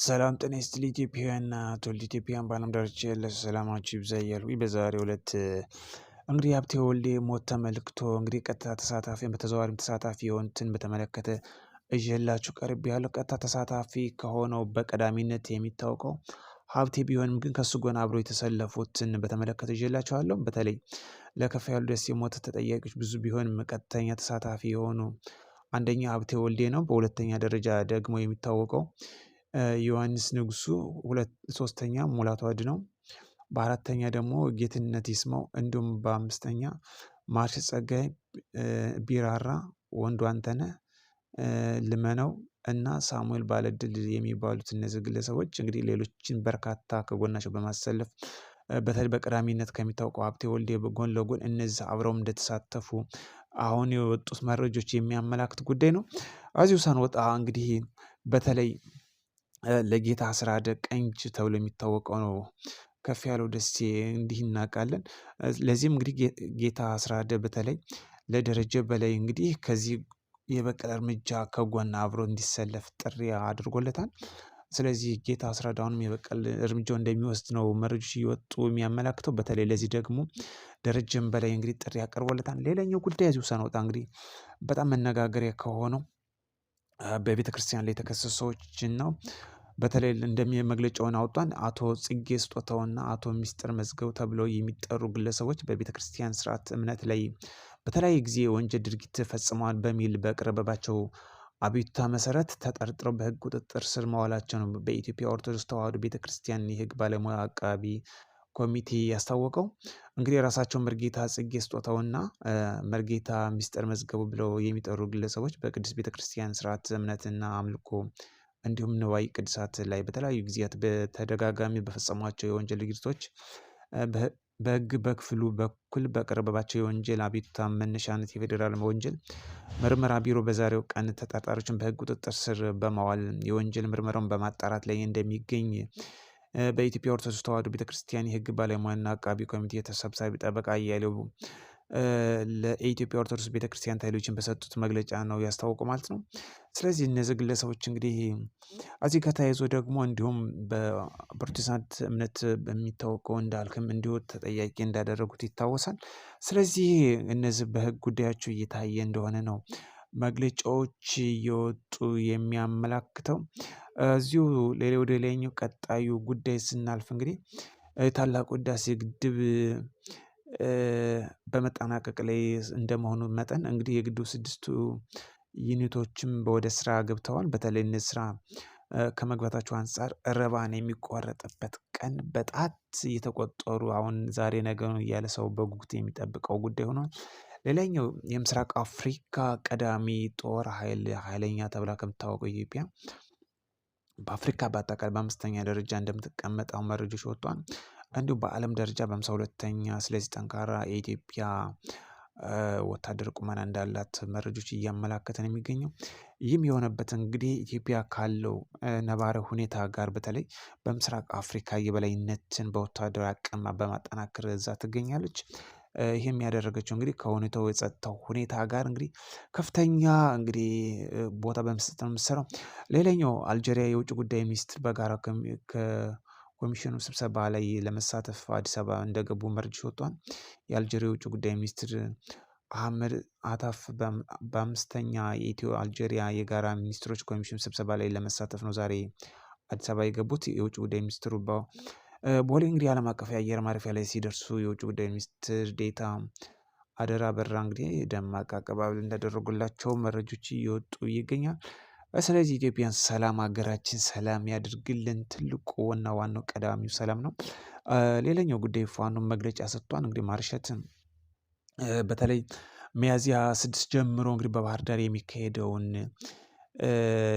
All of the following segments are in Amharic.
ሰላም ጤና ይስጥልኝ ኢትዮጵያውያንና ትውልደ ኢትዮጵያውያን በዓለም ዳርቻ ያለ ሰላማችሁ ይብዛ እያልኩኝ በዛሬው ዕለት እንግዲህ ሀብቴ ወልዴ ሞት ተመልክቶ እንግዲህ ቀጥታ ተሳታፊ በተዘዋዋሪም ተሳታፊ የሆኑትን በተመለከተ እዤላችሁ ቀርብ ያለው ቀጥታ ተሳታፊ ከሆነው በቀዳሚነት የሚታወቀው ሀብቴ ቢሆንም ግን ከሱ ጎን አብሮ የተሰለፉትን በተመለከተ እዤላችኋለሁ። በተለይ ያሉ ደሴ ሞት ተጠያቂዎች ብዙ ቢሆንም ቀጥተኛ ተሳታፊ የሆኑ አንደኛ ሀብቴ ወልዴ ነው። በሁለተኛ ደረጃ ደግሞ የሚታወቀው ዮሐንስ ንጉሱ፣ ሶስተኛ ሙላቱ አድነው፣ በአራተኛ ደግሞ ጌትነት ይስማው፣ እንዲሁም በአምስተኛ ማርሽ ጸጋይ፣ ቢራራ ወንዱ፣ አንተነህ ልመነው እና ሳሙኤል ባለድል የሚባሉት እነዚህ ግለሰቦች እንግዲህ ሌሎችን በርካታ ከጎናቸው በማሰለፍ በተለይ በቀዳሚነት ከሚታወቀው ሀብቴ ወልዴ ጎን ለጎን እነዚህ አብረውም እንደተሳተፉ አሁን የወጡት መረጃዎች የሚያመላክት ጉዳይ ነው። አዚሁ ሳንወጣ እንግዲህ በተለይ ለጌታ ስራ አደ ተብሎ የሚታወቀው ነው። ከፍ ያለው ደሴ እንዲህ እናውቃለን። ለዚህም እንግዲህ ጌታ አስራደ በተለይ ለደረጀ በላይ እንግዲህ ከዚህ የበቀል እርምጃ ከጎን አብሮ እንዲሰለፍ ጥሪ አድርጎለታል። ስለዚህ ጌታ አስራደ አሁንም የበቀል እርምጃው እንደሚወስድ ነው መረጃዎች እየወጡ የሚያመላክተው። በተለይ ለዚህ ደግሞ ደረጀም በላይ እንግዲህ ጥሪ አቀርቦለታል። ሌላኛው ጉዳይ እዚሁ ሳንወጣ እንግዲህ በጣም መነጋገሪያ ከሆነው በቤተ ክርስቲያን ላይ የተከሰሱ ሰዎችን ነው። በተለይ እንደሚ መግለጫውን አውጧን አቶ ጽጌ ስጦታውና አቶ ሚስጥር መዝገብ ተብለው የሚጠሩ ግለሰቦች በቤተ ክርስቲያን ስርዓት እምነት ላይ በተለያየ ጊዜ የወንጀል ድርጊት ፈጽመዋል በሚል በቀረበባቸው አቤቱታ መሰረት ተጠርጥረው በህግ ቁጥጥር ስር መዋላቸው ነው በኢትዮጵያ ኦርቶዶክስ ተዋህዶ ቤተ ክርስቲያን የህግ ባለሙያ አቃቢ ኮሚቴ ያስታወቀው። እንግዲህ የራሳቸው መርጌታ ጽጌ ስጦታውና መርጌታ ሚስጥር መዝገቡ ብለው የሚጠሩ ግለሰቦች በቅዱስ ቤተ ክርስቲያን ስርዓት እምነትና አምልኮ እንዲሁም ንዋይ ቅድሳት ላይ በተለያዩ ጊዜያት በተደጋጋሚ በፈጸሟቸው የወንጀል ድርጊቶች በህግ በክፍሉ በኩል በቀረበባቸው የወንጀል አቤቱታ መነሻነት የፌዴራል ወንጀል ምርመራ ቢሮ በዛሬው ቀን ተጠርጣሪዎችን በህግ ቁጥጥር ስር በማዋል የወንጀል ምርመራውን በማጣራት ላይ እንደሚገኝ በኢትዮጵያ ኦርቶዶክስ ተዋሕዶ ቤተክርስቲያን የህግ ባለሙያና አቃቢ ኮሚቴ ተሰብሳቢ ጠበቃ አያሌው ለኢትዮጵያ ኦርቶዶክስ ቤተክርስቲያን ኃይሎችን በሰጡት መግለጫ ነው ያስታወቁ ማለት ነው። ስለዚህ እነዚህ ግለሰቦች እንግዲህ እዚህ ከተያይዞ ደግሞ እንዲሁም በፕሮቴስታንት እምነት በሚታወቀው እንዳልክም እንዲሁ ተጠያቂ እንዳደረጉት ይታወሳል። ስለዚህ እነዚህ በህግ ጉዳያቸው እየታየ እንደሆነ ነው መግለጫዎች እየወጡ የሚያመላክተው። እዚሁ ሌላ ወደ ላይኛው ቀጣዩ ጉዳይ ስናልፍ እንግዲህ ታላቁ ህዳሴ ግድብ በመጠናቀቅ ላይ እንደመሆኑ መጠን እንግዲህ የግዱ ስድስቱ ዩኒቶችም ወደ ስራ ገብተዋል። በተለይ ስራ ከመግባታቸው አንፃር ረባን የሚቋረጥበት ቀን በጣት የተቆጠሩ አሁን ዛሬ ነገ ነው እያለ ሰው በጉጉት የሚጠብቀው ጉዳይ ሆኗል። ሌላኛው የምስራቅ አፍሪካ ቀዳሚ ጦር ኃይል ኃይለኛ ተብላ ከምታወቀው ኢትዮጵያ በአፍሪካ በአጠቃላይ በአምስተኛ ደረጃ እንደምትቀመጥ አሁን መረጃዎች ወጥቷል። እንዲሁም በዓለም ደረጃ በሃምሳ ሁለተኛ ስለዚህ ጠንካራ የኢትዮጵያ ወታደር ቁመና እንዳላት መረጆች እያመላከተ ነው የሚገኘው። ይህም የሆነበት እንግዲህ ኢትዮጵያ ካለው ነባረ ሁኔታ ጋር በተለይ በምስራቅ አፍሪካ የበላይነትን በወታደር አቅም በማጠናከር እዛ ትገኛለች። ይህም ያደረገችው እንግዲህ ከሁኔታው የጸጥታው ሁኔታ ጋር እንግዲህ ከፍተኛ እንግዲህ ቦታ በመስጠት ነው የምትሰራው። ሌላኛው አልጄሪያ የውጭ ጉዳይ ሚኒስትር በጋራ ኮሚሽኑ ስብሰባ ላይ ለመሳተፍ አዲስ አበባ እንደገቡ መረጃ ወጥቷል። የአልጀሪ የውጭ ጉዳይ ሚኒስትር አህመድ አታፍ በአምስተኛ የኢትዮ አልጀሪያ የጋራ ሚኒስትሮች ኮሚሽን ስብሰባ ላይ ለመሳተፍ ነው ዛሬ አዲስ አበባ የገቡት። የውጭ ጉዳይ ሚኒስትሩ ቦሌ እንግዲህ ዓለም አቀፍ የአየር ማረፊያ ላይ ሲደርሱ የውጭ ጉዳይ ሚኒስትር ዴታ አደራ በራ እንግዲህ ደማቅ አቀባበል እንዳደረጉላቸው መረጆች እየወጡ ይገኛል። ስለዚህ ኢትዮጵያን ሰላም ሀገራችን ሰላም ያድርግልን። ትልቁ ዋና ዋናው ቀዳሚው ሰላም ነው። ሌላኛው ጉዳይ ፋኖ መግለጫ ሰጥቷል። እንግዲህ ማርሸት በተለይ ሚያዚያ ስድስት ጀምሮ እንግዲህ በባህር ዳር የሚካሄደውን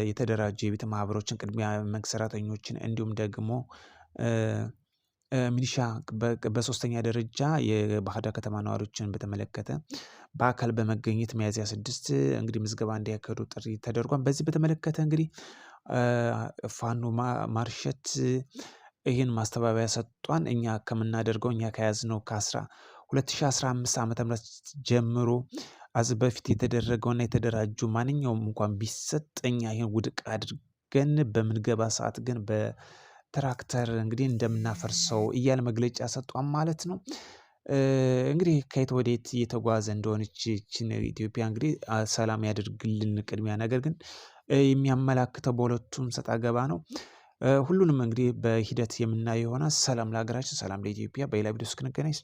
የተደራጁ የቤት ማህበሮችን ቅድሚያ መንግስት ሰራተኞችን እንዲሁም ደግሞ ሚሊሻ በሶስተኛ ደረጃ የባህር ዳር ከተማ ነዋሪዎችን በተመለከተ በአካል በመገኘት ሚያዝያ ስድስት እንግዲህ ምዝገባ እንዲያካሄዱ ጥሪ ተደርጓል። በዚህ በተመለከተ እንግዲህ ፋኖ ማርሸት ይህን ማስተባበያ ሰጥቷን እኛ ከምናደርገው እኛ ከያዝነው ከ 2015 ዓ ም ጀምሮ አዝ በፊት የተደረገውና የተደራጁ ማንኛውም እንኳን ቢሰጥ እኛ ይህን ውድቅ አድርገን በምንገባ ሰዓት ግን በ ትራክተር እንግዲህ እንደምናፈርሰው እያለ መግለጫ ሰጧን ማለት ነው። እንግዲህ ከየት ወዴት እየተጓዘ እንደሆነች ችን ኢትዮጵያ እንግዲህ ሰላም ያደርግልን ቅድሚያ። ነገር ግን የሚያመላክተው በሁለቱም ሰጣ ገባ ነው። ሁሉንም እንግዲህ በሂደት የምናየው የሆነ ሰላም ለሀገራችን፣ ሰላም ለኢትዮጵያ። በሌላ ቪዲዮ እስክንገናኝ